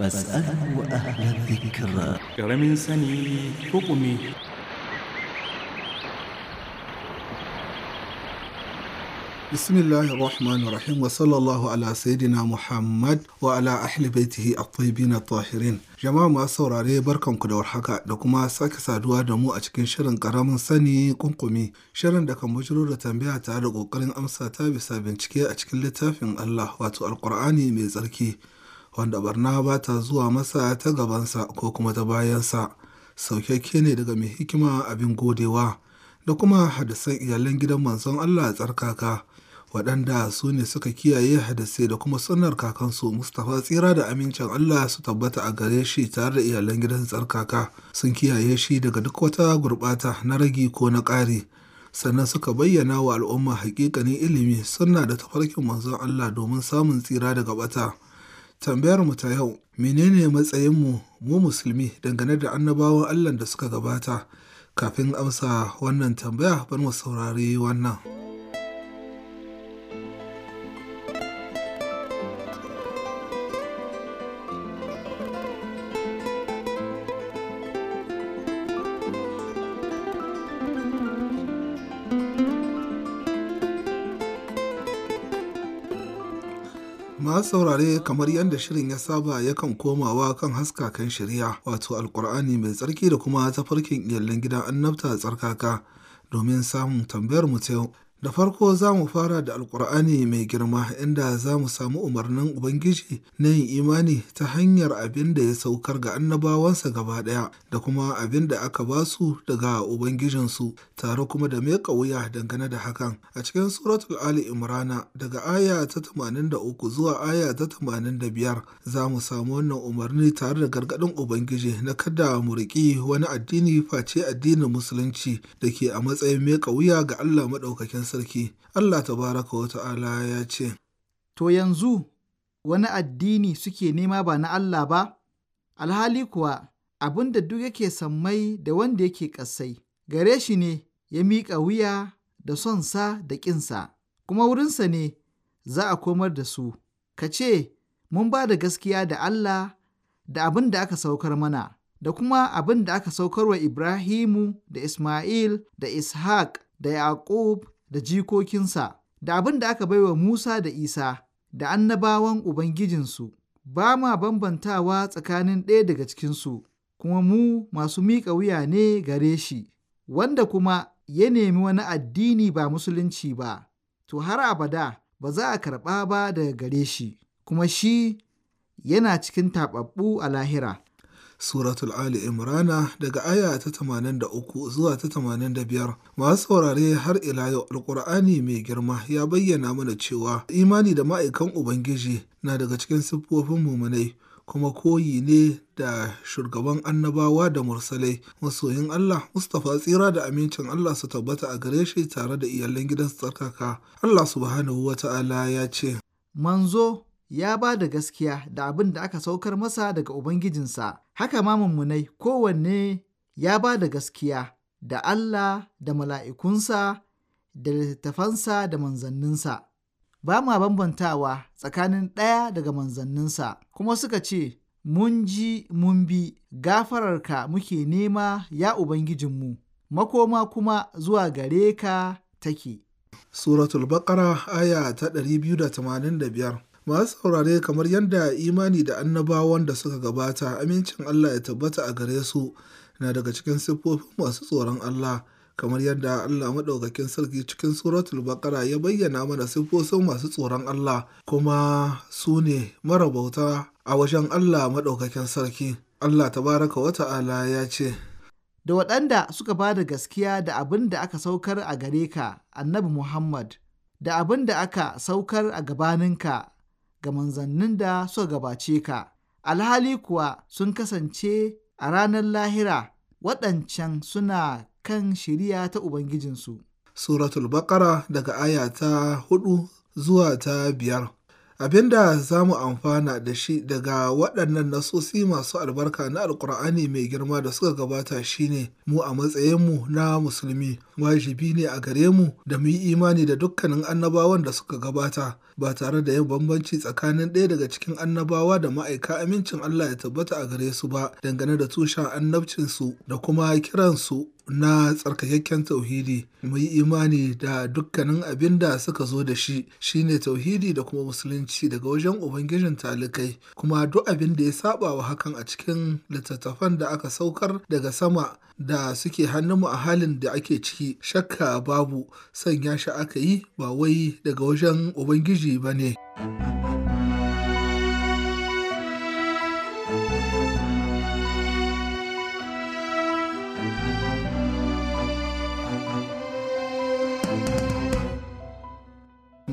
فاسألوا أهل الذكر من سني حكمي بسم الله الرحمن الرحيم وصلى الله على سيدنا محمد وعلى أهل بيته الطيبين الطاهرين جماعة ما سوراري بركم كده ورحكا دكما ساك سادوا دمو أتكين شرن قرام ساني كنقمي شرن دكا مجرورة تنبيه تعالق وقرن أمسا تابسا بنتكي أتكين لتافن الله واتو القرآن ميزركي wanda barna ba ta zuwa masa ta gabansa ko kuma ta bayansa saukakke ne daga mai hikima abin godewa da kuma hadisan iyalan gidan manzon Allah tsarkaka waɗanda su ne suka kiyaye hadisai da kuma sunnar kakansu Mustapha tsira da amincin Allah su tabbata a gare shi tare da iyalan gidan tsarkaka sun kiyaye shi daga duk wata gurɓata na ragi ko na ƙari sannan suka bayyana wa al'umma hakikanin ilimi suna da tafarkin manzon Allah domin samun tsira daga bata. Tambayar mu ta yau, menene matsayinmu mu musulmi dangane da annabawan Allah da suka gabata? Kafin amsa wannan tambaya, bar mu saurari wannan. Ma saurare kamar yadda shirin ya saba yakan komawa kan haskakan shari'a wato alkur'ani mai tsarki da kuma tafarkin iyalan gidan annabta tsarkaka domin samun tambayar mu ta yau. Da farko za mu fara da Alƙur'ani mai girma inda za mu samu umarnin Ubangiji na yin imani ta hanyar abin da ya saukar ga annabawansa gaba ɗaya da kuma abin da aka ba su daga Ubangijinsu tare kuma da mai wuya dangane da hakan. A cikin suratul Ali Imrana daga aya ta 83 zuwa aya ta biyar, za mu samu wannan umarni tare da gargaɗin Ubangiji na kada mu riƙi wani addini face addinin Musulunci da ke a matsayin mai wuya ga Allah Maɗaukakin sarki Allah tabaraka wa ta'ala ya ce, To yanzu wani addini suke nema ba na Allah ba, alhali kuwa abin da duk yake sammai da wanda yake ƙasai, gare shi ne ya miƙa wuya da sonsa da ƙinsa, kuma wurinsa ne za a komar da su, ka ce, Mun ba da gaskiya da Allah da abin da aka saukar mana, da kuma abin da aka saukar wa Ibrahimu da Ismail da Ishaq da Yaqub. da jikokinsa da abin da aka baiwa Musa da Isa da annabawan Ubangijinsu, ba ma bambantawa tsakanin ɗaya daga cikinsu, kuma mu masu miƙa wuya ne gare shi, wanda kuma ya nemi wani addini ba musulunci ba, to har abada ba za a karɓa ba daga gare shi, kuma shi yana cikin taɓaɓɓu a lahira. suratul Ali Imrana daga aya ta 83 zuwa ta 85. Masu saurare har ila yau alkur'ani mai girma ya bayyana mana cewa imani da ma'aikan Ubangiji na daga cikin siffofin mumunai kuma koyi ne da shugaban annabawa da mursalai masoyin Allah Mustapha tsira da amincin Allah su tabbata a gare shi tare da iyalan gidan tsarkaka Allah subhanahu wa ta'ala ya ce manzo ya ba da gaskiya da abin da aka saukar masa daga Ubangijinsa, haka ma mummunai kowanne ya ba da gaskiya da Allah da mala'ikunsa da littattafansa da manzanninsa. Ba ma bambantawa tsakanin ɗaya daga manzanninsa, kuma suka ce, Mun ji mun bi gafararka muke nema ya Ubangijinmu, makoma kuma zuwa gare ka take. Suratul Baƙara aya ta ɗari biyu da biyar. Masu saurare kamar yadda imani da annabawan da suka gabata, amincin Allah ya tabbata a gare su na daga cikin siffofin masu tsoron Allah, kamar yadda Allah Maɗaukakin Sarki cikin Suratul Baƙara ya bayyana mana siffofin masu tsoron Allah kuma su ne marabauta a wajen Allah Maɗaukakin Sarki. Allah tabaraka wa ta'ala ya ce, Da waɗanda suka ba da gaskiya da abin da aka saukar a gare ka, annabi Muhammad, da abin da aka saukar a gabaninka ga manzannin da suka gabace ka, alhali kuwa sun kasance a ranar lahira waɗancan suna kan shiriya ta Ubangijinsu. Suratul Baƙara daga aya ta hudu zuwa ta biyar. Abin da za mu amfana da shi daga waɗannan nasosi masu albarka na alkur'ani mai girma da suka gabata shine mu a matsayinmu na musulmi wajibi ne a gare mu da mu yi imani da dukkanin annabawan da suka gabata ba tare da yin bambanci tsakanin ɗaya daga cikin annabawa da ma'aika amincin Allah ya tabbata a gare su ba dangane da tushen annabcinsu da kuma kiransu na tsarkakakken tauhidi mu yi imani da dukkanin abin da suka zo da shi shine tauhidi da kuma musulunci daga wajen ubangijin talikai kuma duk abin da ya saba wa hakan a cikin littattafan da aka saukar daga sama da suke hannunmu a halin da ake ciki shakka babu sanya shi aka yi ba wai daga wajen ubangiji ba ne.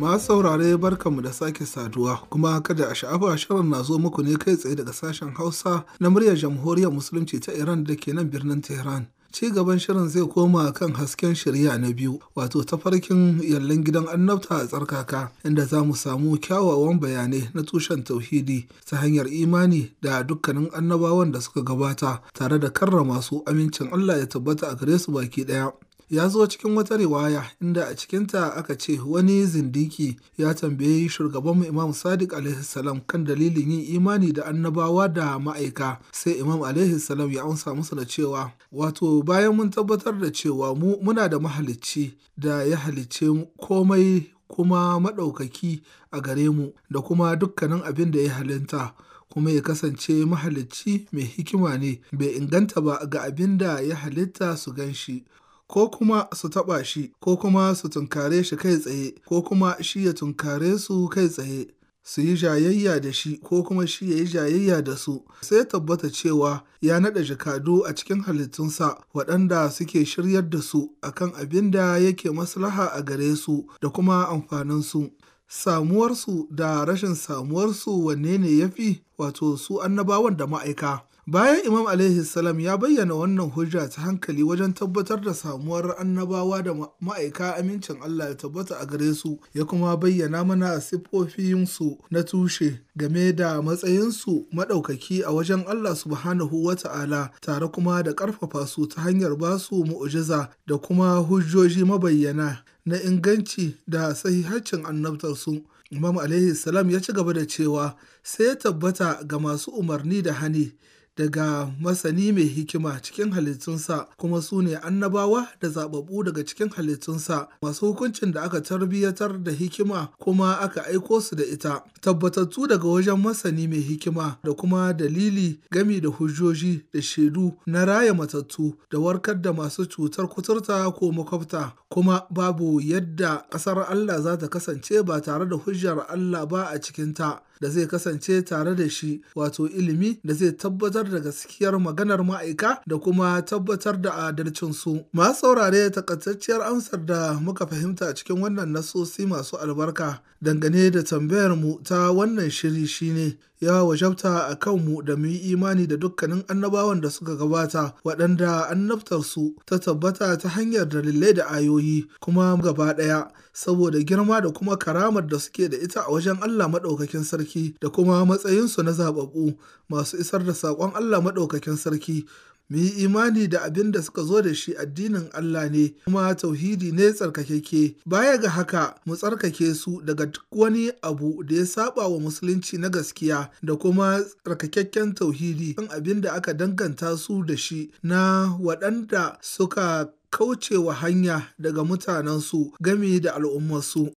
Ma saurare barkanmu da sake saduwa kuma kada a sha'afa shirin na zo muku ne kai tsaye daga sashen Hausa na muryar Jamhuriyar Musulunci ta Iran da ke nan birnin Tehran. Ci gaban shirin zai koma kan hasken shirya na biyu wato tafarkin yallin gidan annabta a tsarkaka inda za mu samu kyawawan bayanai na tushen tauhidi ta hanyar imani da dukkanin annabawan da suka gabata tare da karrama su amincin Allah ya tabbata a gare su baki ɗaya. ya zo cikin wata riwaya inda a cikinta aka ce wani zindiki ya tambayi shugabanmu imam sadiq alaihi kan dalilin yin imani da annabawa da ma'aika sai imam alaihi ya amsa musu da cewa wato bayan mun tabbatar da cewa mu muna da mahalicci da ya halicce komai kuma maɗaukaki a gare mu da kuma dukkanin abin da ya halinta kuma ya kasance mahalicci mai hikima ne bai inganta ba ga abin da ya halitta su gan shi ko kuma su taɓa shi, ko kuma su tunkare shi kai tsaye, ko kuma shi ya tunkare su kai tsaye, su yi jayayya da shi ko kuma shi ya yi jayayya da su, sai tabbata cewa ya naɗa jakadu a cikin halittunsa waɗanda suke shiryar da su akan abin da yake maslaha a gare su da kuma amfaninsu. Samuwarsu da rashin samuwarsu wanne ne ya fi wato su annabawan da ma'aika. Bayan Imam salam ya bayyana wannan hujja ta hankali wajen tabbatar da samuwar annabawa da ma'aika amincin Allah ya tabbata a gare su, ya kuma bayyana mana siffofinsu na tushe game da matsayinsu maɗaukaki a wajen Allah subhanahu wa ta'ala tare kuma da ƙarfafa su ta hanyar ba su mu'ujiza da kuma hujjoji mabayyana na inganci da sahihaccin annabtarsu. Imam alaihi salam ya ci gaba da cewa sai ya tabbata ga masu umarni da hani daga masani mai hikima cikin halittunsa kuma su ne annabawa da zaɓaɓɓu daga cikin halittunsa masu hukuncin da aka tarbiyyatar da hikima kuma aka aiko su da ita tabbatattu daga wajen masani mai hikima da kuma dalili gami da hujjoji da shaidu na raya matattu da warkar da masu cutar kuturta ko makwabta kuma babu yadda ƙasar Allah za ta kasance ba tare da hujjar Allah ba a cikinta da zai kasance tare da shi wato ilimi da zai tabbatar da gaskiyar maganar ma'aika da kuma tabbatar da adalcinsu. Masu saurare takaitacciyar amsar da muka fahimta cikin wannan nasosi masu albarka dangane da tambayar mu ta wannan shiri shine ya wajabta a kanmu da mu yi imani da dukkanin annabawan da suka gabata waɗanda annabtarsu ta tabbata ta hanyar dalilai da ayoyi kuma gaba ɗaya saboda girma da kuma karamar da suke da ita a wajen Allah maɗaukakin sarki da kuma matsayinsu na zaɓaɓɓu masu isar da saƙon Allah maɗaukakin sarki mu yi imani da abin da suka zo da shi addinin Allah ne kuma tauhidi ne tsarkakeke baya ga haka mu tsarkake su daga duk wani abu da ya saba wa musulunci na gaskiya da kuma tsarkakakken tauhidi kan abin da aka danganta su da shi na waɗanda suka kaucewa hanya daga mutanensu game da al'ummarsu.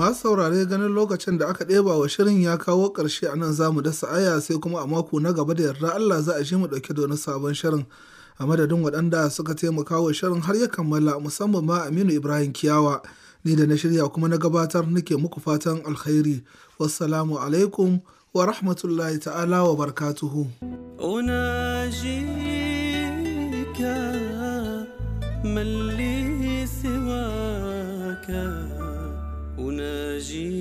Masu saurare ganin lokacin da aka ɗeba wa shirin ya kawo ƙarshe a nan za mu dasa aya sai kuma a mako na gaba da yarda Allah za a shi mu ɗauki da wani sabon shirin. A madadin waɗanda suka taimaka wa shirin har ya kammala musamman ma Aminu Ibrahim Kiyawa. Ni da na shirya kuma na gabatar nake muku fatan alkhairi. Wassalamu alaikum wa rahmatullahi ta'ala wa barkatuhu. من أناجي